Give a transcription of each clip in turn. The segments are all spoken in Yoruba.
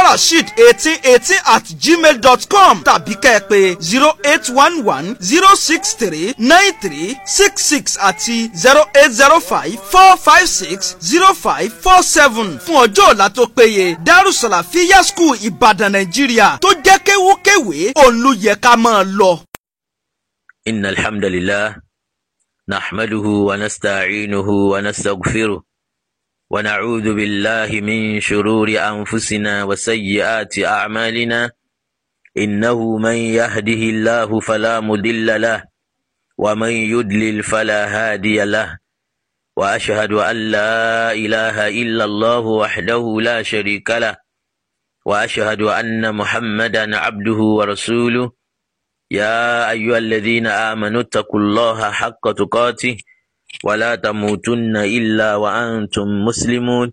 farasheed eighteen eighteen at gmail dot com tàbí kẹ́ẹ̀pè zero eight one one zero six three nine three six six àti zero eight zero five four five six zero five four seven fún ọjọ́ ọ̀la tó péye darussalafiya school ìbàdàn nàìjíríà tó jẹ́ kéwúkéwé òun ló máa lọ. inna alhamdulillah nahmaduhu wa nasta'inuhu wa nastaghfiruh. ونعوذ بالله من شرور أنفسنا وسيئات أعمالنا إنه من يهده الله فلا مضل له ومن يدلل فلا هادي له وأشهد أن لا إله إلا الله وحده لا شريك له وأشهد أن محمدا عبده ورسوله يا أيها الذين آمنوا اتقوا الله حق تقاته ولا تموتن إلا وأنتم مسلمون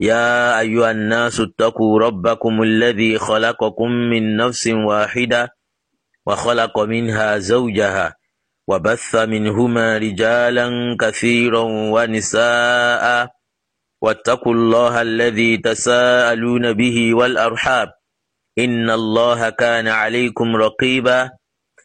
يا أيها الناس اتقوا ربكم الذي خلقكم من نفس واحدة وخلق منها زوجها وبث منهما رجالا كثيرا ونساء واتقوا الله الذي تساءلون به والأرحاب إن الله كان عليكم رقيباً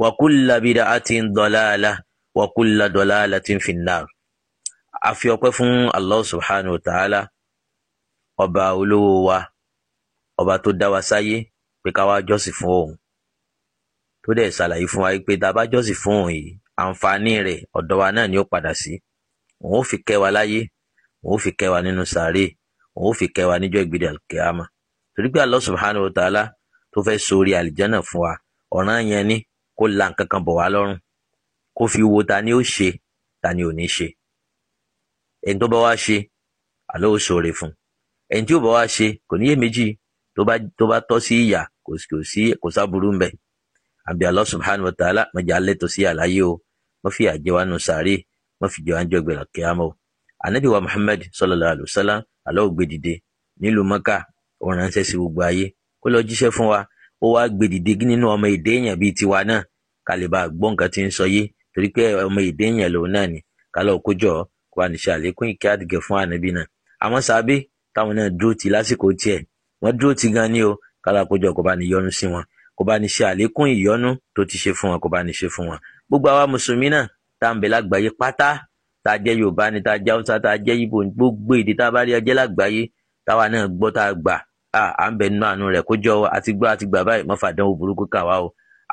wàkúlà bìdà àti dọ̀làlà wàkúlà dọ̀làlà ti ń fi nà. a fi ọpẹ́ fún allah subhanahu wa ta'ala ọba olówó wa ọba tó dá wa sáyé pé ká wá jọ́sìn fún òun tó dẹ̀ ṣàlàyé fún wa pé tá a bá jọ́sìn fún òun yìí àǹfààní rẹ̀ wa náà ni ó padà sí òun fi kẹ́ wa láyé òun fi kẹ́ wa nínú sàárè òun fi kẹ́ wa níjọ́ ìgbéde alkiyama torí pé allah subhanahu wa ta'ala tó fẹ́ sórí àlìjánà fún wa ọ̀ràn yẹn ni kó la nǹkan kan bọ̀ wá lọ́rùn kó fi wo ta ni ó ṣe ta ni ò ní ṣe ẹni tó bá wá ṣe àlọ́ ò ṣòre fún ẹni tí ò bá wá ṣe kò níyè méjì tó bá tó bá tọ́ sí ìyà kò sí kò sáburú mbẹ àbí Allah subhanahu wa ta'ala mọ̀jà alẹ́ sí àlàyé o wọ́n fi àjẹ wa nù sàárè wọ́n fi jẹ wa ń jọ gbẹ̀rẹ̀ kíámọ́ o anabi wa Muhammad sallallahu alayhi wa sallam àlọ́ dìde nílùú Mọ́kà ó ránṣẹ́ sí gbogbo ayé kó lọ jíṣẹ́ fún wa ó wá gbé dìde nínú ọmọ èdè èèyàn bíi tiwa náà ká lè bá gbọ́ nǹkan tí ń sọ yé torí pé ọmọ èdè èèyàn lòun náà ni kálọ̀ kójọ kó wà ní ṣàlékún ìkẹ́ àdìgẹ̀ fún ànábì náà àwọn sàbí táwọn náà dúró ti lásìkò tiẹ̀ wọ́n dúró ti gan ni o kálọ̀ kójọ kó bá ní yọ́nú sí wọn kó bá ní ṣe àlékún ìyọ́nú tó ti ṣe fún wọn kó bá ní ṣe fún wọn gbogbo àwa mùsùlùmí náà tá à ń bẹ lágbàáyé pátá tá a jẹ́ yorùbá ni tá a jẹ́ haúsá tá a jẹ́ ibo gbogbo èdè tá a bá rí ọjẹ́ lágbàáyé táwa náà gbọ́ tá a gbà à ń bẹ nínú àánú rẹ̀ kó jọ àti gbọ́ àti gbà báyìí mọ́fà àdánwò burúkú kà wá o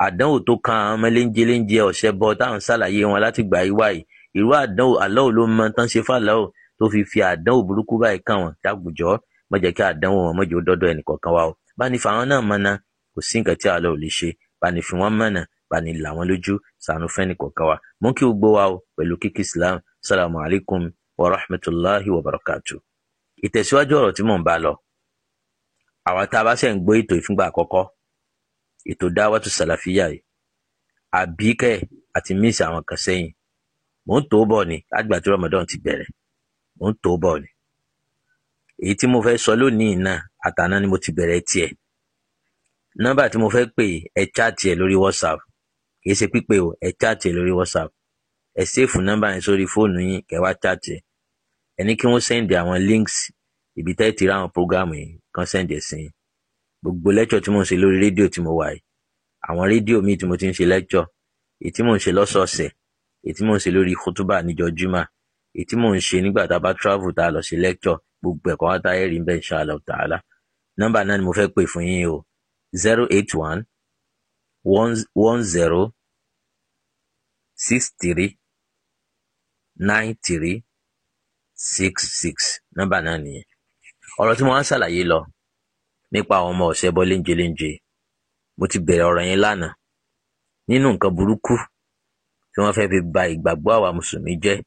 àdánwò tó kan àwọn ọmọ léńjẹ léńjẹ ọ̀sẹ̀ bọ táwọn ṣàlàyé wọn láti gbà yí wáyìí irú àdánwò aláwò ló mọ tán ṣe fàlàwò tó fi fi àdánwò burúkú báyìí kàn wọ́n jágùjọ́ má jẹ́ kí àdánwò wọn má jẹ́ ó dọ́dọ̀ ẹnìkọ̀ọ̀kan wa o bá ní fàwọn náà mọ́nà kò sí nǹkan tí aláwò lè ṣe bá ní fi wọ́n mọ́nà bá ní là wọ́n lójú sànú fẹ́nìkọ̀ọ̀kan wa mú kí o gbó wa o pẹ̀lú kíkí Islam salamu alaykum wa rahmatulahi wa barakatu. ìtẹ̀síwájú ọ̀rọ̀ tí mò ń bá lọ àwọn tá a bá ṣe ń gbọ́ ètò ìfúngbà àkọ́kọ́ ètò dáwọ́tò sàlàfíà yìí àbíkẹ́ àti míìsì àwọn kan sẹ́yìn mò ń tó bọ̀ ni lágbà tí Ramadan ti bẹ̀rẹ̀ mò ń tó bọ̀ ni èyí tí mo fẹ́ sọ lónìí náà àtàná ni mo ti bẹ̀rẹ̀ tiẹ̀ nọ́mbà tí mo fẹ́ pè ẹ chaàtì lórí WhatsApp kì í ṣe pípé o ẹ chaàtì lórí WhatsApp ẹ séèfù nọ́mbà yẹn sórí fóònù yín kẹ́ wá chaàtì ẹ ẹ ní kí wọ́n sẹ́ndì àwọn links ibi tẹ́ ti ráwọn prógáàmù yìí kan sẹ́ǹdẹ̀ sí gbogbo lẹ́kṣọ̀ tí mò ń ṣe lórí rédíò tí mo wà yìí àwọn rédíò míì tí mo ti ń ṣe lẹ́kṣọ̀ èyí tí mò ń ṣe lọ́sọ̀ọ̀sẹ̀ èyí tí mò ń ṣe lórí kútúbà níjọ́ júmà èyí mò ń ṣe nígbà tá a bá travel tá a lọ ṣe lẹ́kṣọ̀ gbogbo ẹ̀kọ́ wa táyé rí bẹ́ẹ̀ insha Allah ta'ala nọ́mbà náà ni mo fẹ́ pè fún yín o zero eight one one zero six three nine three six six nọ́mbà náà nìyẹn ọ̀rọ̀ tí mo wá ń ṣàlàyé lọ nípa àwọn ọmọ ọ̀sẹ̀ bọ́ léńjeléńje mo ti bẹ̀rẹ̀ ọ̀rọ̀ yẹn lánàá nínú nǹkan burúkú tí wọ́n fẹ́ẹ́ fi ba ìgbàgbọ́ àwa mùsùlùmí jẹ́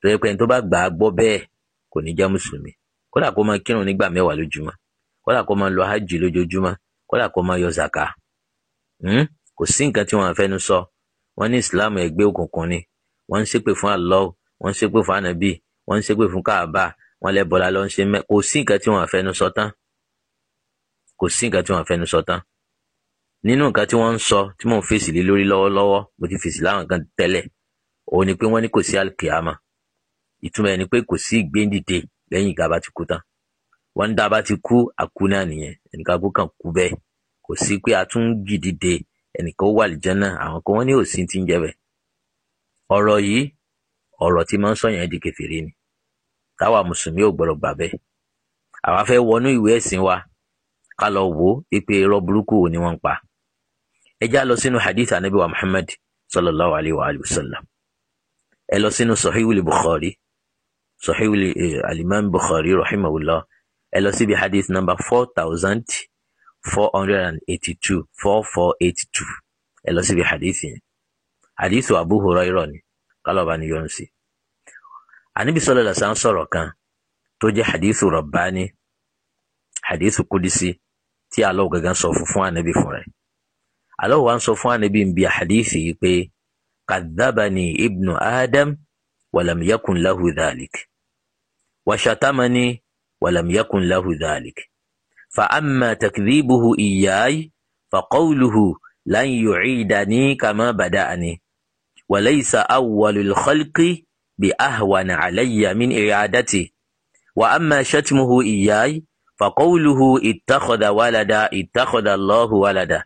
tó yẹ pé ẹni tó bá gbà á gbọ́ bẹ́ẹ̀ kò ní jẹ́ mùsùlùmí kódà kó máa kírun nígbà mẹ́wàá lójúmọ́ kódà kó máa lọ hajj lójoojúmọ́ kódà kó máa yọ zaka hmm? kò sí nǹkan tí wọ́n fẹ́nu sọ wọ́n ní islam ẹgbẹ́ òkùnkùn ni wọ́n ń ṣépè fún Allah wọ́n ń ṣépè fún anabi wọ́n ń ṣépè fún káàbà wọ́n lẹ́bọ̀lá ló ń ṣe mẹ́ kò sí nǹkan tí wọ́n fẹ́nu sọ tán kò sí nǹkan tí wọ́n fẹ́nu sọ tán nínú nǹkan tí wọ́n ń sọ tí mò ń fèsì lé lórí lọ́wọ́lọ́wọ́ mo ti fèsì láwọn kan tẹ́lẹ̀ òun ni pé wọ́n ní kò sí alkiyama ìtumọ̀ ẹ̀ ni pé kò sí ìgbéǹdìde lẹ́yìn ìgbà bá ti kú tán wọ́n ń dá bá ti kú àkú náà nìyẹn ẹnìkan kú kàn kú bẹ́ẹ̀ kò sí pé a tún gìdìde ẹnìkan ó wà lìjẹ́ náà àwọn kan wọ́n ní òsín ti ń jẹ bẹ́ẹ̀ ọ̀rọ̀ yìí ọ̀rọ̀ tí máa ń sọ̀yàn di kèfèrí ni táwa mùsùlùmí ò gbọ́dọ̀ gbà bẹ́ẹ̀ àwa fẹ́ wọnú ìwé ẹ̀sìn wa ká lọ wò ó wípé irọ́ burúkú wo ni wọ́n ń pa ẹ já lọ sínú hadith anabi wa muhammad sallallahu alayhi wa alayhi wa sallam ẹ lọ sínú sahihul bukhari sahihul alimami bukhari rahimahullah ẹ lọ síbi hadith number four thousand four hundred and eighty-two four four eighty-two ẹ lọ síbi hadith yẹn hadith abu hurairah ni kálọ̀ bá ní yọ̀ọ́ ànábì sọlọ lọsàn sọ̀rọ̀ kan tó jẹ́ hadithu rabbani hadithu kudisi tí Allah gangan sọ fún fún ànábì fún rẹ̀ Allah wa ń sọ fún ànábì ń bi hadithi yìí pé kadhabani ibnu adam walam yakun lahu dhalik washatamani walam yakun lahu dhalik fa amma takdhibuhu iyay fa qawluhu lan yu'idani kama bada'ani walaysa awwalul khalqi. بأهون علي من إعادته وأما شتمه إياي فقوله اتخذ ولدا اتخذ الله ولدا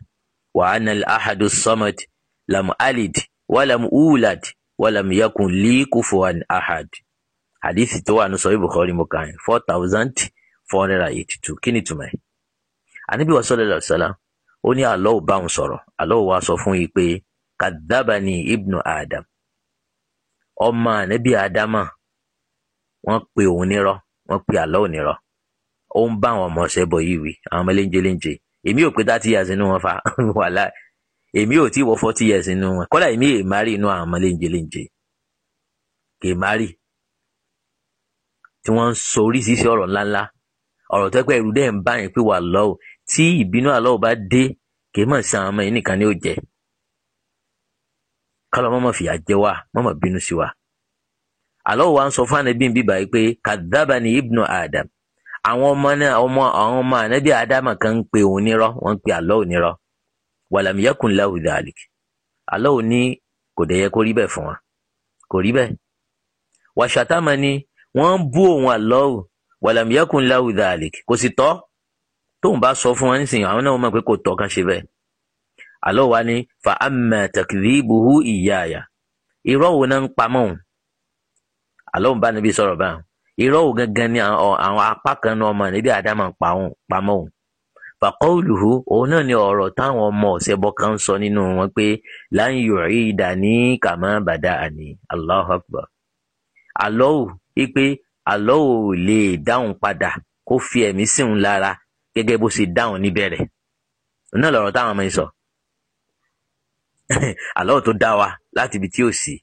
وأنا الأحد الصمد لم ألد ولم أولد ولم يكن لي كفوا أحد حديث tó wà ní Sahih Bukhari mo kà yín four thousand four hundred and eighty two kí ni túmọ̀ ẹ̀ Ànábì wa sallallahu alaihi wasallam ó ní Allah bá òun sọ̀rọ̀ Allah wá sọ fún yìí pé kàdábàní ibnu Adam ọmọ ànábì ádámà wọ́n pe òun nírọ́ wọ́n pe àlọ́ ònírọ́ ó ń bá àwọn ọmọ ọ̀sẹ̀ bọ̀ yìí wí àwọn ọmọ eléńjẹ eléńjẹ èmi ò pé thirty years inú wọn fa wàhálà èmi ò tí wọ forty years inú wọn kọ́dà èmi è má rí inú àwọn ọmọ eléńjẹ eléńjẹ kè má rí tí wọ́n ń sọ oríṣiríṣi ọ̀rọ̀ ńláńlá ọ̀rọ̀ tó pẹ́ ẹ̀rù dẹ́ ń bá yẹn pé wà lọ́wọ́ tí ìbínú àlọ́ ò bá dé kè mọ̀ sí àwọn kálọ̀ mọ́mọ́ fìyà jẹ wá mọ́mọ́ bínú sí wa. àlọ́ wa ń sọ fún anabi bíbá yìí pé kàdábà ni ibnu adam àwọn ọmọ náà ọmọ àwọn ọmọ anabi adam kan ń pe òun nírọ́ wọ́n ń pe àlọ́ onírọ́ wàlàmì yẹkùn láwù dàlík àlọ́ òní kò dẹ̀ yẹ kó rí bẹ́ẹ̀ fún wa kò rí bẹ́ẹ̀ wàṣàtàmà ni wọ́n ń bú òun àlọ́ wàlàmì yẹkùn láwù dàlík kò sì tọ́ tóun bá sọ fún wa nísìnyí àwọn náà mọ̀ pé kò tọ́ kán ṣe bẹ́ẹ̀ àlọ́ wa ní fa amma takdhibuhu iyaya irọ́ wo náà ń pamọ́ òun àlọ́ òun bá níbi sọ̀rọ̀ báyìí irọ́ wo gangan ni àwọn apá kan náà ọmọ níbi àdámà ń pamọ́ òun fa qawluhu òun náà ni ọ̀rọ̀ táwọn ọmọ ọ̀sẹ̀bọ kan ń sọ nínú wọn pé lan yu'idani kama bada'ani Allahu akbar àlọ́ ò wípé àlọ́ lè dáhùn padà kó fi ẹ̀mí sí òun lára gẹ́gẹ́ bó ṣe dáhùn níbẹ̀rẹ̀ náà lọ̀rọ̀ táwọn ọmọ yìí sọ Allah tó dá wa láti ibi tí ò sí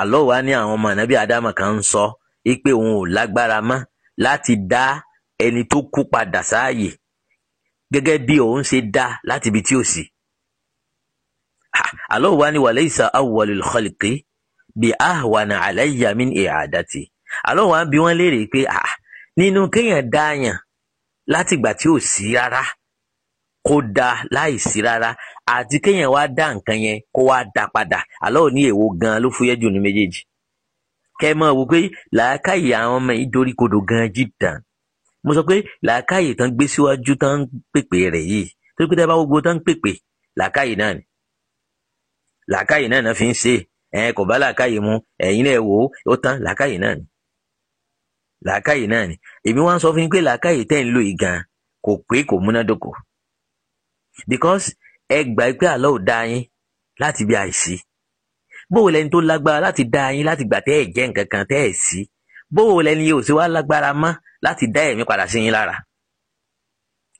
Allah wa ní àwọn ọmọ ànábì Ádámù kan ń sọ pé òun ò lágbára mọ́ láti dá ẹni tó kú padà sáàyè gẹ́gẹ́ bí òun ṣe dá láti ibi tí ò sí. Allah wa ní walaysa awwalul khalqi bi ahwana alayya min i'adati Allah wa bí wọ́n léèrè pé nínú kéèyàn dáàyàn látìgbà tí ò sí rárá kó da láìsí rárá àti kéèyàn wá dá nǹkan yẹn kó wá da padà àlọ́ òní èwo gan ló fúyẹ́ jù ní méjèèjì kẹ́ mọ̀ wò pé làákàyè àwọn ọmọ yìí dorí kodò gan jìdàn mo sọ pé làákàyè tán gbé síwájú tán ń pèpè rẹ̀ yìí torí pé tá a bá gbogbo tán ń pèpè làákàyè náà ni làákàyè náà náà fi ń ṣe ẹ kò bá làákàyè mu ẹ̀yin náà wò ó tán làákàyè náà ni làákàyè náà ni èmi wá sọ fún yín pé làákàyè tẹ́ ń lò yìí gan kò pé kò múnádóko because ẹ gbà pé Allah ò dá yín láti ibi àìsí bóò lẹni tó lágbára láti dá yín láti gbà tẹ́ ẹ̀ jẹ́ nǹkan kan tẹ́ ẹ̀ sí bóò lẹni yóò ṣe wá lágbára mọ́ láti dá ẹ̀mí padà sí yín lára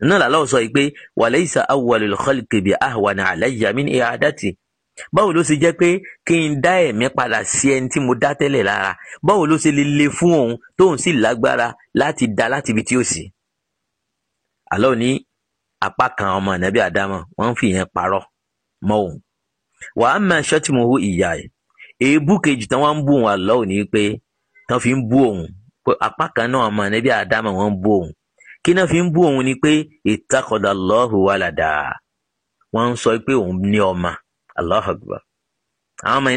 náà làlọ́ sọ yìí pé walaysa awwalul khalqi bi ahwana alayya min i'adati báwo ló ṣe jẹ́ pé kí n dá ẹ̀mí padà sí ẹni tí mo dá tẹ́lẹ̀ lára báwo ló ṣe lè le fún òun tóun sì lágbára láti dá láti ibi tí ó sì. Allah ní Apákan kan ọmọ ànábì àdámọ̀ wọ́n fi yẹn parọ mọ òun wà á máa ìyá ẹ̀ èébú kejì tán wọ́n ń bú òun fi ń bú òun náà ọmọ ànábì àdámọ̀ wọ́n ń bú kí náà fi ń bú òun ni pé ìtakọ̀dà lọ́hùn wà ládà ń ní ọmọ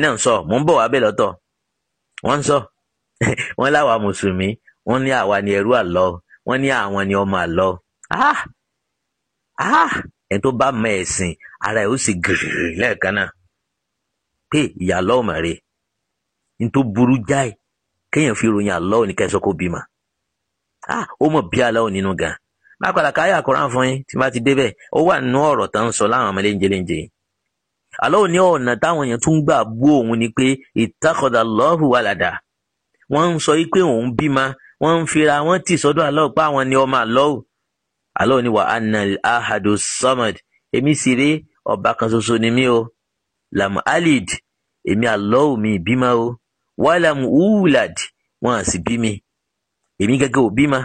náà sọ mò ń bọ̀ wá bẹ́ẹ̀ lọ́tọ̀ wọ́n ń sọ wọ́n láwa mùsùlùmí wọ́n ní Ah, ẹni tó bá mọ ara ẹ ó sì gìrì lẹ́ẹ̀kan náà pé ìyá lọ́wọ́ rè tó burú jáì kéèyàn fi ròyìn àlọ́ òní kẹsàn kó bímọ ah, ó mọ̀ bí àlọ́ nínú gan máa káyà kọ́ra fún yín wà nínú ọ̀rọ̀ tó ń sọ láwọn ọmọ léńjẹ yìí ọ̀nà táwọn èèyàn tún gbà bú Allah ni wà á nà samad èmi sì ré ọba kan ṣoṣo ni mí o lam alid èmi Allah mi bímọ o wàlám wúlad wọn à sì bí mi èmi gẹ́gẹ́ ò bímọ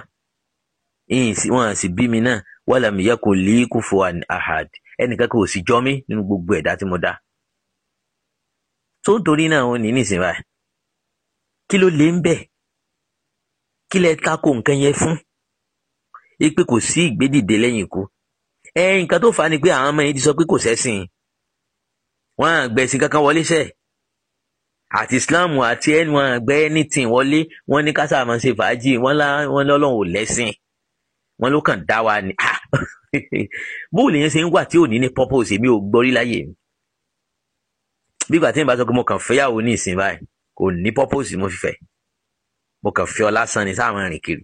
wọn à sì bí mi náà wàlám yẹkọ líkù fún ahad ẹnìkan kò sì jọ mí nínú gbogbo ẹ̀dá tí mo dá tó náà wọn ní nísìnyí báyìí kí ló lè ń bẹ kí lẹ tako nǹkan yẹn fún yí pé kò sí ìgbédìde lẹ́yìn ikú ẹ nǹkan tó fà á ni pé àwọn ọmọ yẹn ti sọ pé kò sẹ́sìn wọn à gbẹ̀sìn kankan wọlé sẹ́ẹ̀ àti islam àti ẹni wọn àgbẹ̀ anything wọlé wọn ní kásá máa ṣe fàájì wọn lá wọn lọ́lọ́run ò lẹ́sìn wọn ló kàn dá wa ni bóòlù yẹn ṣe ń wà tí ò ní ní purpose mi ò gbọ́rí láyè mi bí ìgbà tí n bá sọ pé mo kàn fẹ́yàwó ní ìsìn báyìí kò ní purpose mo fi fẹ́ mo kàn fẹ́ ọ lásán ni sáà máa rìn kiri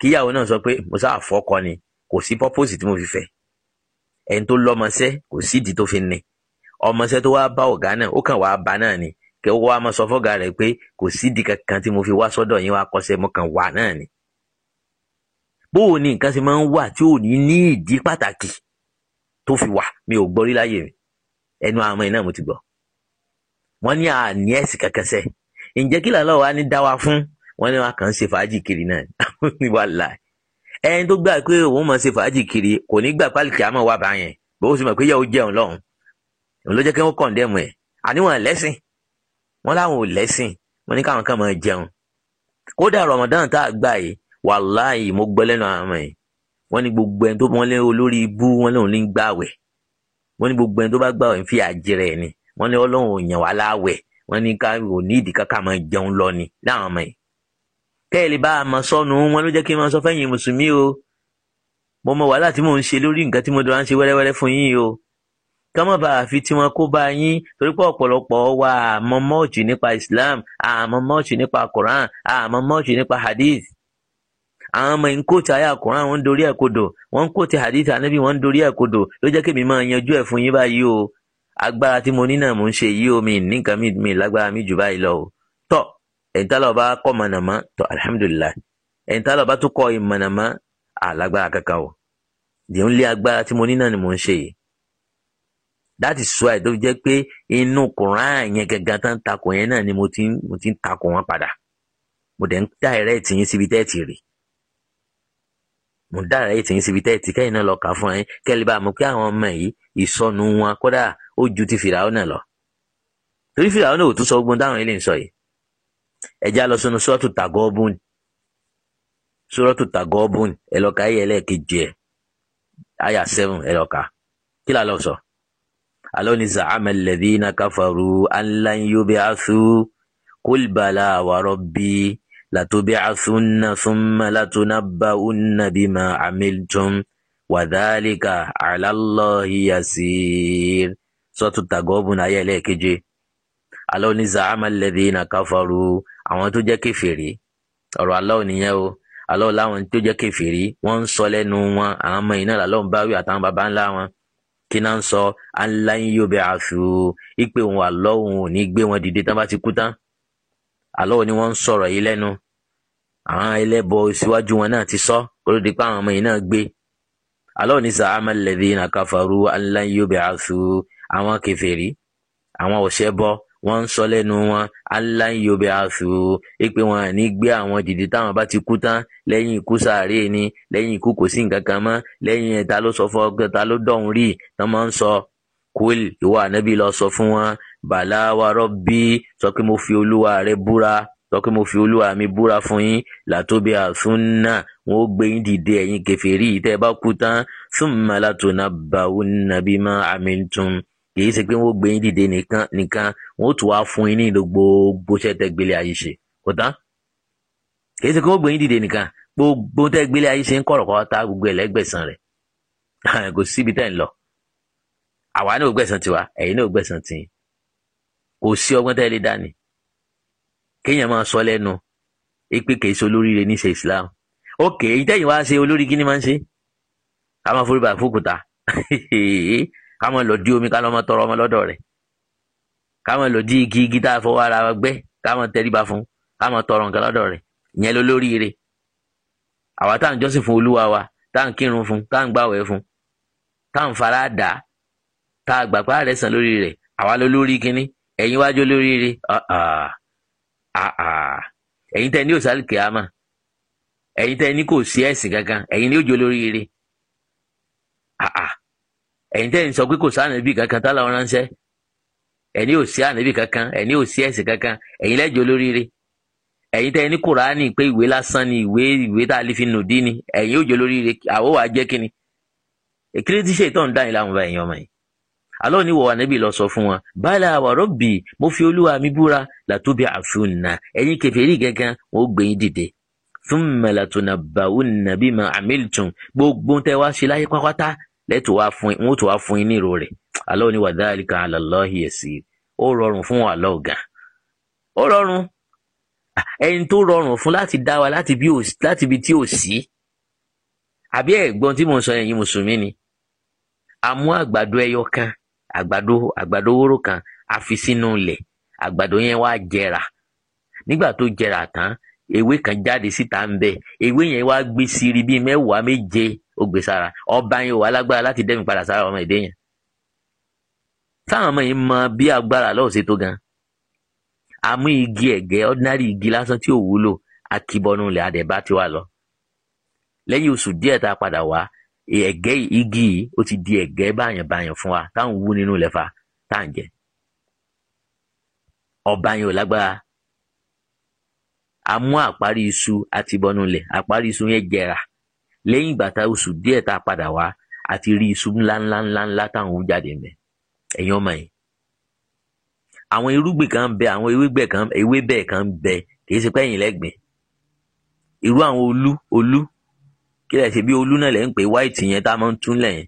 kíyàwó náà sọ pé mo sáà fọ́kọ ni kò sí pọ́pọ́sì tí mo fi fẹ́ ẹni tó lọ́mọṣẹ́ kò sídìí tó fi ní ọmọṣẹ́ tó wá bá ọ̀gá náà ó kàn wá bá náà ni kí ó wá máa sọ fọ́gà rẹ̀ pé kò sídìí kankan tí mo fi wá sọ́dọ̀ yín wá kọ́ṣẹ́ mo kàn wá náà ni bóò ni nǹkan ṣe máa ń wà tí ò ní ní ìdí pàtàkì tó fi wà mi ò gbọ́ rí láyé mi ẹnu àwọn iná mo ti gbọ́ wọ́n ní àní ẹ̀sìn kankan sẹ́ ǹjẹ́ kí làlọ́ wa ní dá wa fún wọ́n ní wọ́n kàn ń ṣe fàájì kiri náà níwá là ẹni tó gbà pé òun máa ṣe fàájì kiri kò ní gbà pálí kí a máa wà bá yẹn bó sì mọ̀ pé yẹ́wò jẹun lọ́hùn òun ló jẹ́ kí wọ́n kọ̀ǹdẹ̀mù ẹ̀ àníwọ̀n lẹ́sìn wọ́n láwọn ò lẹ́sìn wọ́n ní káwọn kan máa jẹun kódà rọmọdán tá a gbà yìí wàláì mo gbọ́ lẹ́nu àwọn yìí wọ́n ní gbogbo ẹni tó wọ́n lé olórí ibú wọ́n lóun ní gbàwẹ̀ wọ́n ní gbogbo ẹni tó bá gbàwẹ̀ fi àjẹrẹ ẹ̀ ni wọ́n ní ọlọ́run ò yàn wá láwẹ̀ wọ́n ní ká ò ní ìdí kankan máa jẹun lọ ni láwọn ọmọ yìí kẹ́ẹ̀lì bá a mọ̀ sọnù wọn ló jẹ́ kí n máa sọ fẹ́yìn mùsùlùmí o mo mọ wàhálà tí mò ń ṣe lórí nǹkan tí mo dọ̀rọ̀ ń ṣe wẹ́rẹ́wẹ́rẹ́ fún yín o kí wọ́n bá fi tiwọn kó bá yín torí pé ọ̀pọ̀lọpọ̀ wa àmọ́ mọ́ọ̀jù nípa Islam àmọ́ mọ́ọ̀jù nípa Quran àmọ́ mọ́ọ̀jù nípa Hadith àwọn ọmọ yìí ń kóòtù àyà Quran wọ́n ń dorí ẹ̀ kodò wọ́n ń kóòtù Hadith Ànábì wọ́n ń dorí ẹ̀ kodò ló jẹ́ kí èmi máa yanjú ẹ̀ fún yín báyìí o agbára tí mo ní náà mò ń ṣe yìí o mi nǹkan mi lágbára mi jù báyìí lọ o tọ́ ẹ̀yìn kọ́ mọ̀nàmọ́ tọ́ alhamdulillah ẹ̀yìn tálọ̀ kọ́ ìmọ̀nàmọ́ àlágbára kankan o dìún lé agbára tí mo ní náà ni mo ń ṣe yìí that is why tó fi jẹ́ pé inú Quran yẹn gangan tán takò yẹn náà ni mo ti mo ti ń takò wọn padà mo dẹ̀ ń direct yín síbi tẹ́ẹ̀tì rè mo ń direct yín síbi tẹ́ẹ̀tì kẹ́yìn náà lọ kà fún yín kẹ́lẹ́ bá mọ̀ pé àwọn ọmọ yìí ìsọnù wọn kódà ó ju ti fìràwọ́ náà lọ torí fìràwọ́ náà ò tún sọ gbogbo táwọn ilé ń sọ yìí ẹjá lọ sínú sọ́ọ̀tù tàgọ́bùn sọ́ọ̀tù tàgọ́bùn ẹlọ́ka ayé ẹlẹ́ẹ̀kejì ẹ̀ àyà seven ẹlọ́ka kí làlọ́ sọ. alọ́ ni za'ama alladhina kafaru an lan yub'athu qul bala wa rabbi latubi'athunna thumma latunabba'unna bima 'amiltum wa dhalika 'ala Allahi yasir sọ́ọ̀tù tàgọ́bùn ayé ẹlẹ́ẹ̀keje. Allah ní za'ama alladhina kafaru àwọn tó jẹ́ kèfèrí ọ̀rọ̀ Allah nìyẹn o Allah láwọn tó jẹ́ kèfèrí wọ́n ń sọ lẹ́nu wọn àwọn ọmọ iná làlọ́ ń bá wí àtàwọn baba ńlá wọn kí náà ń sọ allan yub'athu ìpè òun Allah òun ò ní gbé wọn dìde tán bá ti kú tán Allah ni wọ́n ń sọ̀rọ̀ yìí lẹ́nu àwọn ẹlẹ́bọ síwájú wọn náà ti sọ olóde pé àwọn ọmọ yìí náà gbé Allah ní za'ama alladhina kafaru allan yub'athu àwọn kèfèrí àwọn òṣèbọ wọ́n ń sọ lẹ́nu wọn aláìyóbe àṣù pé wọn à ní gbé àwọn dìde táwọn bá ti kú tán lẹ́yìn ikú sàárè ni lẹ́yìn ikú kò sí nǹkan kan mọ́ lẹ́yìn ẹ̀ta ló sọ fún ọgbẹ́ ta ló dọ̀hún rí tán máa ń sọ kúl ìwà ànábì lọ sọ fún wọn bàlá wa rọ́bí sọ pé mo fi olúwa rẹ búra sọ pé mo fi olúwa mi búra fún yín làtóbi àṣùn náà wọn ó gbé yín dìde ẹ̀yin kèfèrí tẹ́ ẹ bá kú tán súnmọ́ látòun náà bàwọ́ nàbí má àmì tún kì í ṣe pé wọ́n gbé yín dìde nìkan nìkan wọ́n ó tún wá fún yín ní gbogbo iṣẹ́ tẹ́ gbélé ayé ṣe kò tán kì í ṣe pé wọ́n gbé yín dìde nìkan gbogbo tẹ́ gbélé ayé ṣe ń kọ̀rọ̀ kọ́ ta gbogbo ẹ̀ lẹ́gbẹ̀sán rẹ̀ kò síbi tẹ́ ń lọ àwa náà gbẹ̀sán tiwa ẹ̀yin náà gbẹ̀sán tiyín kò sí ọgbọ́n tẹ́ lè dání kéèyàn máa sọ lẹ́nu pé kì ṣe olóríire ní Islam ok ìtẹ̀yìn wá ṣe olórí kí ni máa ń ṣe a máa forí bá ká mọ̀ lọ di omi ká lọ́mọ tọrọ ọmọ lọ́dọ̀ rẹ̀ ká mọ̀ lọ di igi igi tá a fọwọ́ ara wa gbẹ́ ká mọ̀ tẹríba fún ká mọ̀ tọrọ nǹkan lọ́dọ̀ rẹ̀ ìyẹn ló lóríire àwa tá à ń jọ́sìn fún olúwa wa tá à ń kírun fún tá à ń gbàwẹ̀ fún tá à ń fara dà tá a gbàgbá rẹ̀ sàn lórí rẹ̀ àwa ló lórí kínní ẹ̀yin wájú lóríire ẹ̀yin tẹ́ ní òsàlùkì àmà ẹ̀yin tẹ́ ní kò sí ẹ̀sìn kankan ẹ̀yin ní òjò lóríire ẹ̀yin tẹ́ ń sọ pé kò sí ànábì kankan tá làwọn ránṣẹ́ ẹni ò sí ànábì kankan ẹni ò sí ẹ̀sìn kankan ẹ̀yin lẹ́jọ́ olóríire ẹ̀yin tẹ́ ní kùránì pé ìwé lásán ni ìwé ìwé tá a lè fi nù dín ni ẹ̀yin ò jẹ́ olóríire àwọ̀ wàá jẹ́ kíni èkìlẹ̀ tí ṣètò ń dá yín láwọn ẹ̀yin ọmọ yìí alọ́ ni wọ̀wá níbi lọ sọ fún wọn bala wa rabbi mo fi olúwa mi búra làtúbí àfúnà ẹ̀yin kèfèrí gangan wọn ó gbé yín dìde thumma latunabbaunna bima amiltum gbogbo tẹ wá ṣe láyé pátápátá lẹ́tọ̀ wá fún wọn tó wá fún yín nírò rẹ̀ Allah ni wadhalika ala Allahi yasir ó rọrùn fún Allah gan ó rọrùn ẹni tó rọrùn fún láti dá wa láti ibi tí ò sí àbí ẹ̀gbọ́n tí mo sọ ẹ̀yin mùsùlùmí ni a mú àgbàdo ẹyọ kan àgbàdo àgbàdo wóró kan a fi sínú ilẹ̀ àgbàdo yẹn wá jẹrà nígbà tó jẹrà tán ewé kan jáde síta ń bẹ ewé yẹn wá gbé siri bíi mẹ́wàá méje ó gbé sára ọba yẹn ò wá lágbára láti dẹ́mi padà sára ọmọ èdè yẹn táwọn ọmọ yìí mọ bí agbára lọ́wọ́ ṣe tó gan àmú igi ẹ̀gẹ́ ordinary igi lásán tí ò wúlò akíbọnú ilẹ̀ àdẹ̀bá ti wà lọ lẹ́yìn oṣù díẹ̀ tá a padà wá ẹ̀gẹ́ igi yìí ó ti di ẹ̀gẹ́ báyàn báyàn fún wa táwọn wú nínú ilẹ̀ fa tá à ń jẹ ọba yẹn ò lágbára àmú àparí iṣu àtibọnú ilẹ̀ àparí iṣu yẹn jẹrà lẹ́yìn ìgbà tá oṣù díẹ̀ tá a padà wá a ti rí iṣu ńláńláńláńlá táwọn ń jáde mẹ́ ẹ̀yin ọmọ yìí àwọn irúgbìn kan bẹ àwọn ewébẹ̀ kan ewébẹ̀ kan bẹ kìí ṣe pẹ́yìn lẹ́gbẹ̀ẹ́ irú àwọn olú olú kí lè ṣe bí olú náà lẹ́ ń pè white yẹn tá a máa ń tún lẹ̀ yẹn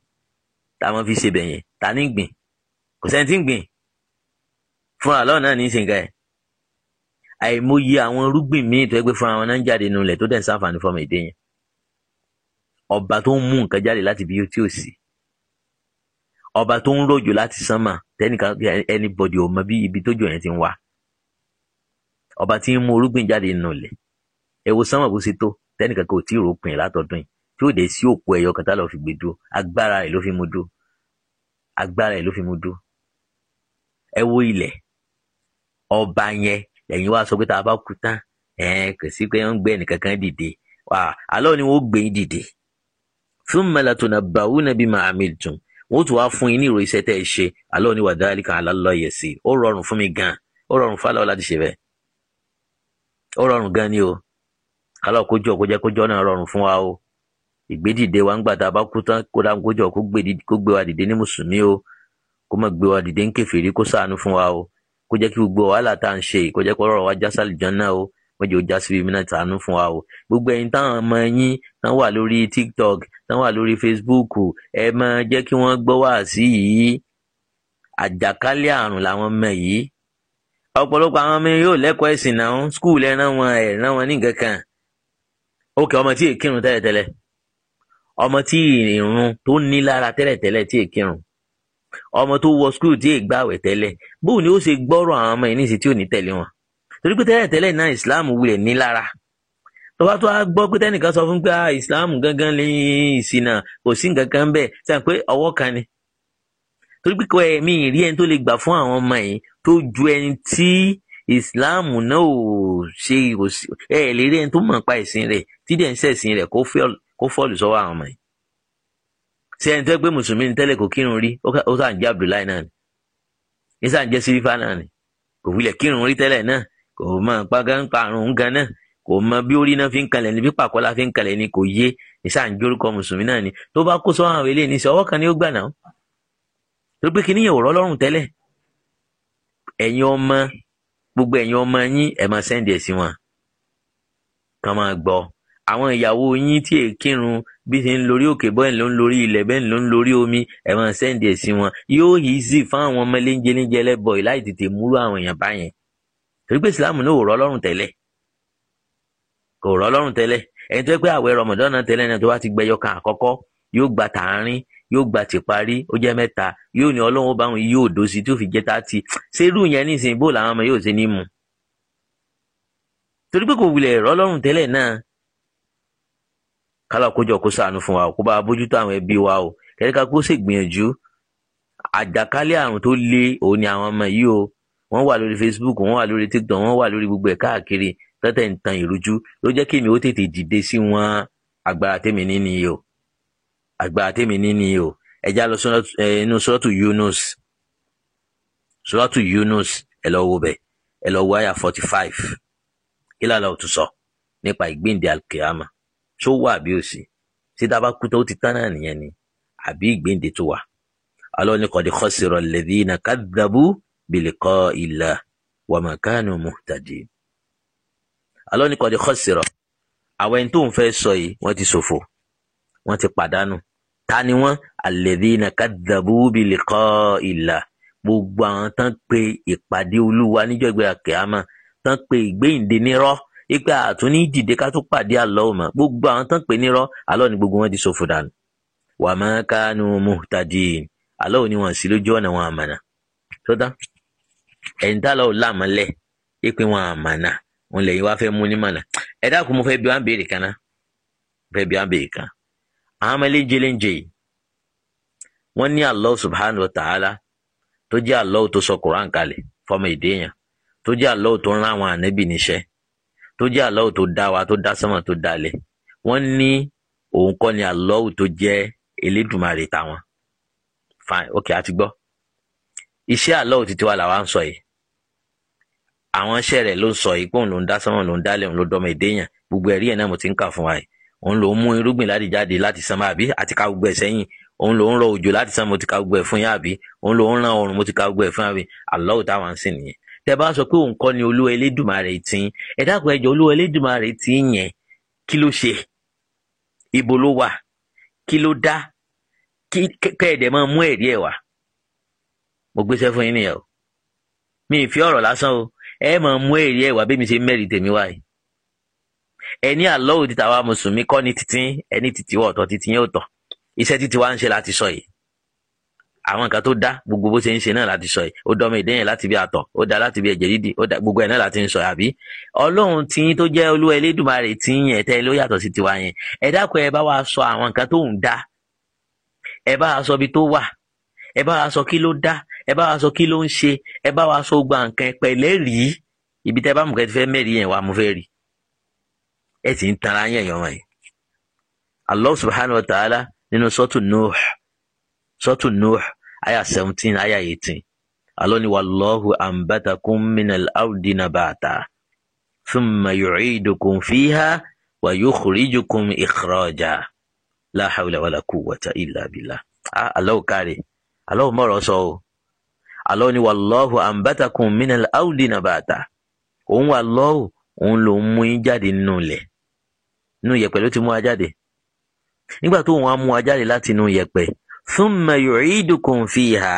tá a máa fi ṣe bẹ̀ yẹn ta ní gbìn kò sẹ́ni tí ń gbìn fúnra lọ́ọ̀ náà ní í ṣe àìmọye àwọn irúgbìn míì tó yẹ pé fúnra wọn náà ń jáde nulẹ̀ tó dẹ̀ ń sáǹfààní fọmọ èdè yẹn ọba tó ń mú nǹkan jáde láti ibi tí ò sí ọba tó ń rọ̀jò láti sánmà tẹnìkan anybody ò mọ bí ibi tójò yẹn ti ń wá ọba tí ń mú orúgbìn jáde nínú ilẹ̀ ẹ wo sánmà bó ṣe tó tẹnìkan kò tí ì ròpin látọdún yìí tí ò dé sí òpó ẹyọ kan tá lọ fi gbé dúró agbára ẹ ló fi mú dúró agbára ẹ ló fi mú dúró ẹ wo ọba yẹn ẹ̀yin wá sọ pé tá a bá kú tán ẹ kò sí pé wọ́n ń gbé ẹnìkankan dìde wà á lọ ni wọ́n ó gbé yín dìde thumma latunabba'unna bima 'amiltum wọ́n tún wá fún yín ní ìròyìn iṣẹ́ tẹ́ ẹ ṣe Allah ni wa dhalika 'ala Allah yasir ó rọrùn fún mi gan ó rọrùn fún aláwọ̀ láti ṣe bẹ́ẹ̀ ó rọrùn gan ni o aláwọ̀ kójọ kójẹ kójọ náà rọrùn fún wa o ìgbédìde wa ń gbà tá a bá kú tán kó dáa kójọ kó gbé wa dìde ní mùsùlùmí o kó má gbé wa dìde ń kèfèrí kó ṣàánú fún wa o kó jẹ́ kí gbogbo wàhálà tá à ń ṣe kó jẹ́ rọrọ̀ wá já sálì jọ́nà o wọ́n jẹ́ ó já sí fún wa o gbogbo ẹ̀yin táwọn ọmọ yín náà wà lórí TikTok tán wà lórí Facebook ẹ máa jẹ́ kí wọ́n gbọ́ wá sí yìí àjàkálẹ̀ àrùn làwọn ọmọ yìí ọ̀pọ̀lọpọ̀ àwọn ọmọ yóò lẹ́kọ̀ọ́ ẹ̀sìn náà skul ẹran wọn ẹran wọn ní kankan ókè ọmọ tí èkírun tẹ́lẹ̀tẹ́lẹ̀ ọmọ tí ìrìnrún tó ní lára tẹ́lẹ̀tẹ́lẹ̀ tí èkírun ọmọ tó wọ skul tí ègbàwẹ̀ tẹ́lẹ̀ bóun ni ó ṣe gbọ́rọ̀ àwọn ọmọ yìí níṣẹ́ tí ò ní tẹ̀lé wọn torí pé tẹ́lẹ̀tẹ́lẹ̀ náà Islam wulẹ̀ ní lára tó bá tó wá gbọ́ pé tẹ́nìkan sọ fún pé ìsìláàmù ah, gangan lè ìsìnà kò sí nǹkan kan bẹ́ẹ̀ sàn pé ọwọ́ kan ni torí pé kọ ẹ̀mí ìrí ẹni tó lè gbà fún àwọn ọmọ yìí tó ju ẹni tí ìsìláàmù náà ò ṣe ẹ̀ lè rí ẹni tó mọ̀ pa ìsìn rẹ̀ tí dẹ̀ ń ṣẹ̀sìn rẹ̀ kó fọ́ọ̀lù sọ́wọ́ àwọn ọmọ yìí ṣé ẹni tó gbé mùsùlùmí tẹ́lẹ̀ kò kírun rí ó sàn jẹ́ Abdullahi náà ni ní jẹ́ sírífà náà ni kò wulẹ̀ kírun rí tẹ́lẹ̀ náà kò mọ̀ pa gan parun gan náà kò mọ bí orí náà fi ń kalẹ̀ ní bí pàkọ́lá fi ń kalẹ̀ ní kò yé ìsà mùsùlùmí náà ni tó bá kó sọ́wọ́n àwọn eléyìí ní sọ ọwọ́ kan ni ó gbà náà torí pé kíníyàn ò rọ́lọ́rùn tẹ́lẹ̀ ẹ̀yin ọmọ gbogbo ẹ̀yin ọmọ yín ẹ̀ máa sẹ́ǹdì ẹ̀ sí wọn kàn máa gbọ́ àwọn ìyàwó yín tí èkírun bí ti ń lórí òkè bẹ́ẹ̀ ló ń lórí ilẹ̀ bẹ́ẹ̀ ló ń lórí omi ẹ̀ máa sẹ́ǹdì ẹ̀ sí wọn yóò yí sí fáwọn ọmọ léńjẹ léńjẹ lẹ́bọ̀ọ́ láì tètè múrú àwọn èèyàn báyẹn torí pé ìsìláàmù náà ò rọ́lọ́rùn tẹ́lẹ̀ kò rọ́ lọ́rùn tẹ́lẹ̀ ẹni tó yẹ pé àwẹ̀ rọmọdọ́nà tẹ́lẹ̀ náà tó bá ti gbẹyọ kan àkọ́kọ́ yóò gba tààrin yóò gba tìparí ó jẹ́ mẹ́ta yóò ní ọlọ́run bá wọn yóò dòsí tó fi jẹ́ tààtì ṣerú yẹn nísìnyí bó làwọn ọmọ yóò ṣe ní mu torí pé kò wulẹ̀ rọ́ lọ́rùn tẹ́lẹ̀ náà kálọ̀ kójọ kó sànù fún wa kó bá a bójútó àwọn ẹbí wa o kẹ́ríkà kó sì gbìyànjú àjàkálẹ̀ àrùn tó le òun ni àwọn ọmọ yìí o wọ́n wà lórí Facebook wọ́n wà lórí TikTok wọ́n wà lórí gbogbo ẹ̀ káàkiri tọ́tẹ̀ ń tan ìrújú ló jẹ́ kí mi ó tètè dìde sí wọn agbára tèmi níní o agbára tèmi níní o ẹ já lọ inú sọ́ọ̀tù Yunus sọ́ọ̀tù Yunus ẹ lọ wo bẹ̀ ẹ lọ wo àyà forty five kí lálẹ́ ò tún sọ nípa ìgbéǹde alkiyama tó wà bí ó sì tí tá a bá kú tó ti tán náà nìyẹn ni àbí ìgbéǹde tó wà alọ́ni kọ́ni khasira alladhina kadhabu biliqa'i Allah wa ma kanu muhtadin alọ́ni kọ́ni khasira àwọn ẹni tó ń fẹ́ sọ yìí wọ́n ti ṣòfò wọ́n ti pàdánù ta ni wọ́n alladhina kadhabu bi liqa'illah gbogbo àwọn tán pé ìpàdé olúwa níjọ́ ìgbéra kíámà tán pé ìgbéyìnde nírọ́ ipa àtúní dìde ká tó pàdé àlọ́ ọ̀mọ̀ gbogbo àwọn tán pé nírọ́ alọ́ ni gbogbo wọn ti ṣòfò dànù wa ma kanu muhtadin alọ́ ò ní wọn sí lójú ọ̀nà wọn àmàna tó tán ẹ̀yìn lọ́ọ́ làmọ́lẹ̀ ìpín wọn àmàna òun lẹ́yìn wá fẹ́ mú ní mànà ẹ dákun mo fẹ́ bí wọn béèrè kan náà fẹ́ bí wọn béèrè kan àwọn ọmọ eléje wọ́n ní Allah subhanahu wa ta'ala tó jẹ́ Allah tó sọ Quran kalẹ̀ fọmọ èdè yẹn tó jẹ́ Allah tó ń rán àwọn ànábì níṣẹ́ tó jẹ́ Allah tó dá wa tó dá sánmọ̀ tó dalẹ̀ wọ́n ní òun kọ́ ní Allah tó jẹ́ Elédùmarè táwọn fine ok àti gbọ́ iṣẹ́ Allah títí wa làwa sọ yìí àwọn iṣẹ́ rẹ̀ ló ń sọ yìí pé òun ló ń dá sánmọ̀ ló ń dálẹ̀ òun ló dọ́mọ èdè yàn gbogbo ẹ̀rí ẹ̀ náà mo ti ń kà fún wa yìí òun ló ń mú irúgbìn láti jáde láti sánmọ̀ àbí àti ká gbogbo ẹ̀ sẹ́yìn òun ló ń rọ òjò láti sánmọ̀ mo ti ká gbogbo ẹ̀ fún yín àbí òun ló ń ràn oòrùn mo ti ká gbogbo ẹ̀ fún àbí Allahu táwọn ń nìyẹn tẹ bá sọ pé òun kọ́ ni olúwa elédùmarè tí ẹ mi ì fi ọ̀rọ̀ ẹ máa mú èrè ẹ̀wà bí mi ṣe mẹ́rin tèmi wáyé ẹ ní àlọ́ òdì tàwa mùsùlùmí kọ́ ní titín ẹ ní títí wọ̀ ọ̀tọ̀ títí yẹn ọ̀tọ̀ iṣẹ́ títí wa ń ṣe láti sọ yìí àwọn nǹkan tó dá gbogbo bó ṣe ń ṣe náà láti sọ yìí ó dọ́mọ ìdẹ́yìn láti bí àtọ̀ ó dá láti bí ẹ̀jẹ̀ dídì ó dá gbogbo ẹ̀ náà láti ń sọ àbí ọlọ́run tiyín tó jẹ́ olúwa elédùmarè tiyín yẹn tẹ́ ló yàtọ̀ sí tiwa yẹn ẹ dákun ẹ bá wa sọ àwọn nǹkan tó ń dá ẹ bá wa sọ ibi tó wà ẹ bá wa sọ kí ló dá ẹ bá wa sọ kí ló ń ṣe ẹ bá wa sọ gba nǹkan pẹ̀lẹ́ rí ibi tẹ́ bá mú kẹ́ ti fẹ́ mẹ́rin yẹn wà mú fẹ́ rí ẹ sì ń tanra yẹn yọmọ yẹn Allah subhanahu wa ta'ala nínú sọ́tù Nuh sọ́tù Nuh aya seventeen aya eighteen Allah ni wallahu minal ardi nabata thumma yu'idukum fiha wa yukhrijukum ikhraja la hawla wala quwwata illa billah ah, Allah ò káre àlọ́ ò mọ̀rọ̀ sọ o àlọ́ ni wallahu anbatakum minal awdi nabata òun wà lọ́wọ́ òun ló ń mú yín jáde nínú ilẹ̀ nínú yẹ̀pẹ̀ ló ti mú wa jáde nígbà tó wọn á mú wa láti inú yẹ̀pẹ̀ thumma yu'idukum fiha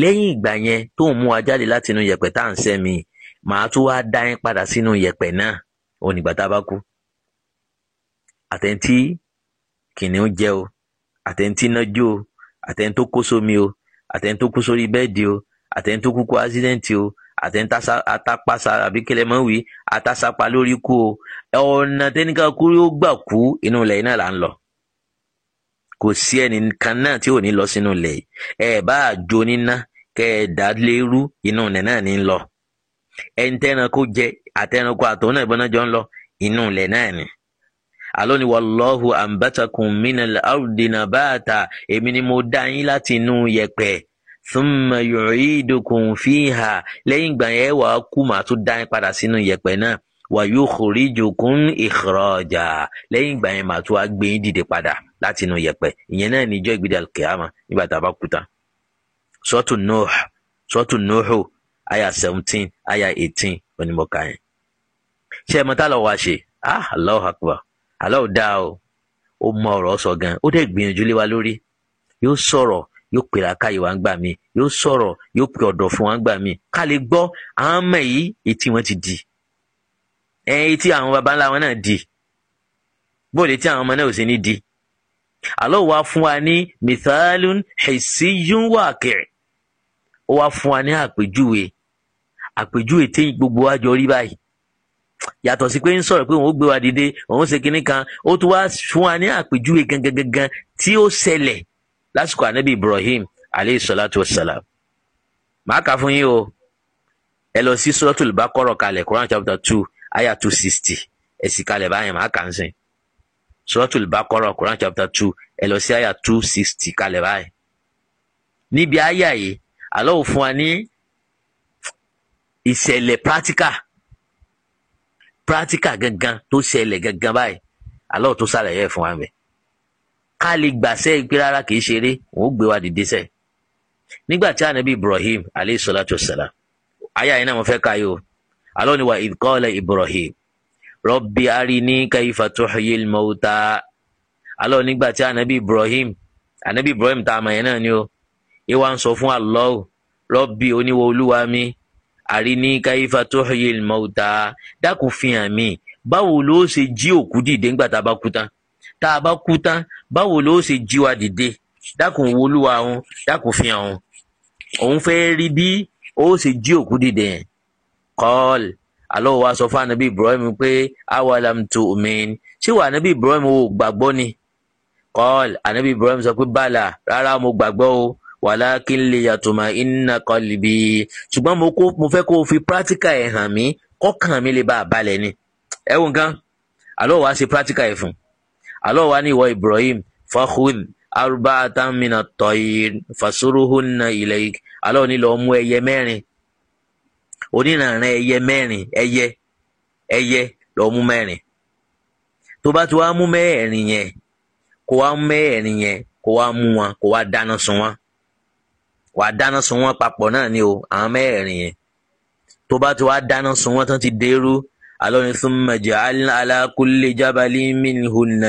lẹ́yìn ìgbà yẹn tó ń mú wa láti inú yẹ̀pẹ̀ tá à ń sẹ́mi màá tún wá dá padà sínú yẹ̀pẹ̀ náà òun tá a bá kú àtẹ̀ntí kìnìún jẹ́ o àtẹ̀ntí náà jó o àtẹni tó kó sómi o àtẹni tó kú sórí bẹ́ẹ̀dì o àtẹni tó kú kú ásídẹ́ǹtì o àtẹni atápàṣà àbí kílẹ̀ mọ́ wí atásapa lórí kú o ọ̀nà tẹnìkan kú yóò gbà kú inú ilẹ̀ yìí náà là ń lọ kò sí ẹnìkan náà tí ò ní lọ sínú ilẹ̀ yìí ẹ bá àjò níná kẹ ẹ dá lérú inú ilẹ̀ náà ní lọ ẹni tẹnìkan jẹ àtẹnìkan àtọ̀ náà ìbọn náà jọ ń lọ inú ilẹ̀ náà ni àlọ́ ni wallahu anbatakum minal ardi nabata èmi ni mo dá yín láti inú yẹ̀pẹ̀ thumma yu'idukum fiha lẹ́yìn ìgbà yẹn wàá kú màá tún dá yín padà sínú yẹ̀pẹ̀ náà wa yukhrijukum ikhraja lẹ́yìn ìgbà yẹn màá tún wá gbé yín dìde padà láti inú yẹ̀pẹ̀ ìyẹn náà níjọ́ ìgbéde alkiyama nígbà tá a bá kú tán. sọ́ọ̀tù nuh aya seventeen aya eighteen onímọ̀ọ́ká yẹn. ṣé ẹ mọ tá a lọ wá ṣe ah Allahu akbar aláwọ dáa o ó mọ ọ̀rọ̀ sọ gan ó dẹ̀ gbìyànjú lé wa lórí yóò sọ̀rọ̀ yóò pè làákàyè wa ń gbà mí yóò sọ̀rọ̀ yóò pè ọ̀dọ̀ fún wa ń gbà mí ká lè gbọ́ àwọn ọmọ yìí etí wọn ti di etí àwọn baba ńlá wọn náà di bóòlù etí àwọn ọmọ náà ò sí ní di àlọ́ wa fún wa ní mithalun hissiyun waqi' ó wá fún wa ní àpèjúwe àpèjúwe téyìn gbogbo wa rí báyìí yàtọ̀ sí pé ń sọ̀rọ̀ pé òun ó gbé wa dìde òun ṣe kinní kan ó tún wá fún wa ní àpèjúwe gangan tí ó ṣẹlẹ̀ lásìkò ànábì Ibrahim aleyhi salatu wa salam màá kà fún yín o ẹ lọ sí suratul Baqarah kalẹ̀ Quran chapter two ayah two sixty ẹ sì kalẹ̀ báyẹn màá kà ń sìn suratul Baqarah Quran chapter two ẹ lọ sí ayah two sixty kalẹ̀ báyẹn níbi ayah yìí Allah fún wa ní ìṣẹ̀lẹ̀ practical practical gangan tó ṣẹlẹ̀ gangan báyìí Allah tó ṣàlàyé fún wa mẹ́ ká lè gbàṣẹ́ pé rárá kì í ṣeré òun ó gbé wa dìde sẹ́ nígbà tí ànábì Ibrahim alayhi salatu wassalam aya yìí náà mo fẹ́ ka yìí o Allah ni wa idh qala Ibrahim rabbi arini kayfa tuhyil mauta Allah nígbà tí ànábì Ibrahim ànábì Ibrahim tá a mọ̀ yẹn náà ni o ìwà ń sọ fún Allah rabbi oníwọ̀ olúwa mi àríní káyífà tó yẹ mọ́ta dákun fi hàn mí báwo ló ṣe jí òkú dìde ńgbà tá a bá kú tán tá a bá kú tán báwo ló ṣe jí wa dìde dákun wolúwa òun dákun fi hàn òun òun fẹ́ rí bí ó ṣe jí òkú dìde yẹn kọ́ọ̀lì Allah wa sọ fún anabi Ibrahim pé awalam tu'min ṣé wà anabi Ibrahim ò gbàgbọ́ ni kọ́ọ̀lì anabi Ibrahim sọ pé bàlà rárá mo gbàgbọ́ o. walakin liyatma'inna qalbi ṣùgbọ́n mo fẹ́ kó o fi practical ẹ̀ hàn mí kọ́kàn mi lè bá a balẹ̀ ni. alọọwa si nǹkan àlọ́ wa ṣe practical Ibrahim fakhud arba'atan Atamina, at fasuruhunna ilayk àlọ́ ní lọ́ọ́ mú ẹyẹ mẹ́rin onírànràn ẹyẹ mẹ́rin ẹyẹ ẹyẹ lọ́ọ́ mú mẹ́rin tó bá ti wá mú mẹ́rin yẹn kó wá mú mẹ́rin yẹn kó wá mú wọn wọn. wà á dáná sun wọ́n papọ̀ náà ni o àwọn mẹ́rẹ̀ẹ̀rin yẹn tó bá ti wá dáná sun wọ́n tán ti dérú alọ́ni thumma ja'alna ala kulli jabalin minhunna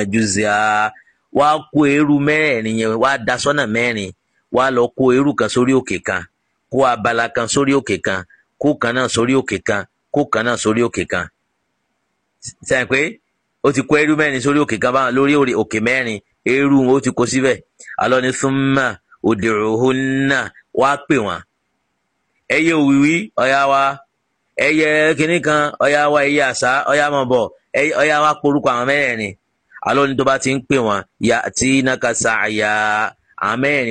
wá kó eérú mẹ́rẹ̀ẹ̀rin yẹn wá da sọ́nà mẹ́rin wá lọ kó eérú kan sórí òkè kan kó abala kan sórí òkè kan kó kan náà sórí òkè kan kó kan náà sórí òkè kan sẹ́yìn pé ó ti kó eérú mẹ́rin sórí òkè kan báwọn lórí òkè mẹ́rin ti kó síbẹ̀ alọ́ni naa. wá pè wọn. ẹyẹ òwìwí ọya wa ẹyẹ kínní kan ọ̀yá wa ẹyẹ àṣà ọ̀yá mọ̀ bọ̀ ọ̀yá wa porúkọ àwọn mẹ́rẹ̀ẹ̀rin àlọ́ tó bá ti ń pè wọ́n yà tí àwọn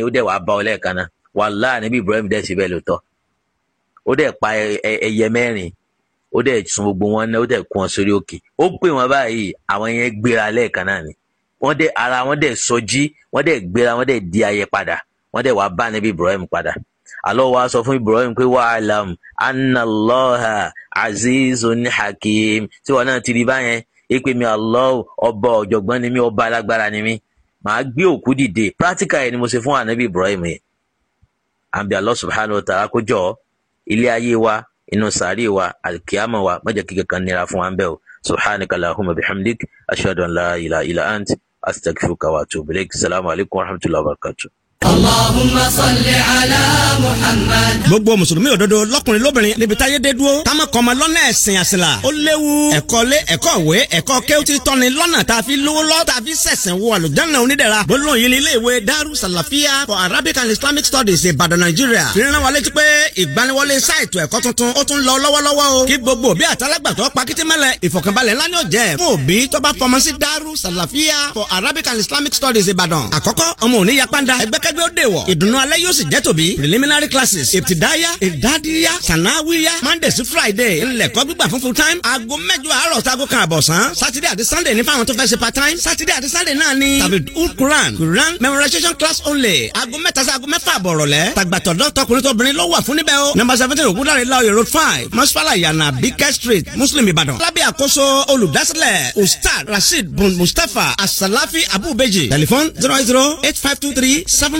ó dẹ̀ wàá bá ọ lẹ́ẹ̀kan náà wàláhì níbi Ibrahim dẹ̀ síbẹ̀ lóòótọ́ ó dẹ̀ pa ẹyẹ mẹrin ó dẹ̀ sun gbogbo wọn náà ó dẹ̀ kún wọn sórí òkè ó pè wọn báyìí àwọn yẹn gbéra ni wọ́n dẹ̀ wá bá níbi Ibrahim padà alọ́ wa sọ fún Ibrahim pé wà á lam annallaha azizun hakim tí wọn náà ti rí báyẹn èpè mi Allah ọba ọ̀jọ̀gbọ́n ni mí ọba alágbára ni mí màá gbé òkú dìde practical yẹn ni mo ṣe fún ànábì Ibrahim yẹn àbí Allah subhanahu wa ta'ala kó jọ ilé ayé wa inú sàárè wa alikiyama wa mọ̀jẹ̀ kíkẹ́ kan nira fún wa ń bẹ̀ o subhanaka allahumma bihamdik ashhadu an la ilaha ant astaghfiruka wa atubu salamu alaykum wa rahmatulahi wa barakatuh. Allahumma salli ala Muhammad. gbogbo mùsùlùmí òdodo lọkùnrin lóbìnrin níbi táyé dé dúró táwọn kan máa lọ́nà ẹ̀sìn àṣìlá ó léwu ẹ̀kọ́ lé ẹ̀kọ́ ìwé ẹ̀kọ́ kéwútì tọ́ni lọ́nà tá a fi lówó lọ́ tá a fi sẹ̀sẹ̀ wọ àlùjáná onídẹ̀ra gbólóhùn yìí ní ilé ìwé Daru Salafia for Arabic and Islamic Studies Ìbàdàn Nàìjíríà ìrìnà wa létí pé ìgbaniwọlé sáìtù ẹ̀kọ́ tuntun ó tún lọ lọ́wọ́lọ́wọ́ o kí gbogbo kẹ́gbẹ́ ó dè wọ̀ ìdùnnú alẹ́ yóò sì jẹ́ tòbí preliminary classes ìtìdáyà ìdádíyà sànáwíyà monday sí friday ńlẹ̀kọ́ gbígbà fún time aago mẹ́jọ àárọ̀ sago kan àbọ̀sán saturday àti sunday ní fáwọn tó fẹ́ ṣe part time saturday àti sunday náà ni tàbí quran quran memorization class only aago mẹ́ta sí aago mẹ́fà àbọ̀rọ̀lẹ́ tàgbàtọ̀dọ́ tọkùnrin tóbìnrin ló wà fún níbẹ̀ o number seventeen ògúndàrin laoye road five masfala yana bikẹ́ street muslim ìbàdàn lábẹ́ àkóso olùdásílẹ̀ ustaz rasheed bun mustapha asalafi abubeji tẹlifon zero zero eight five two three seven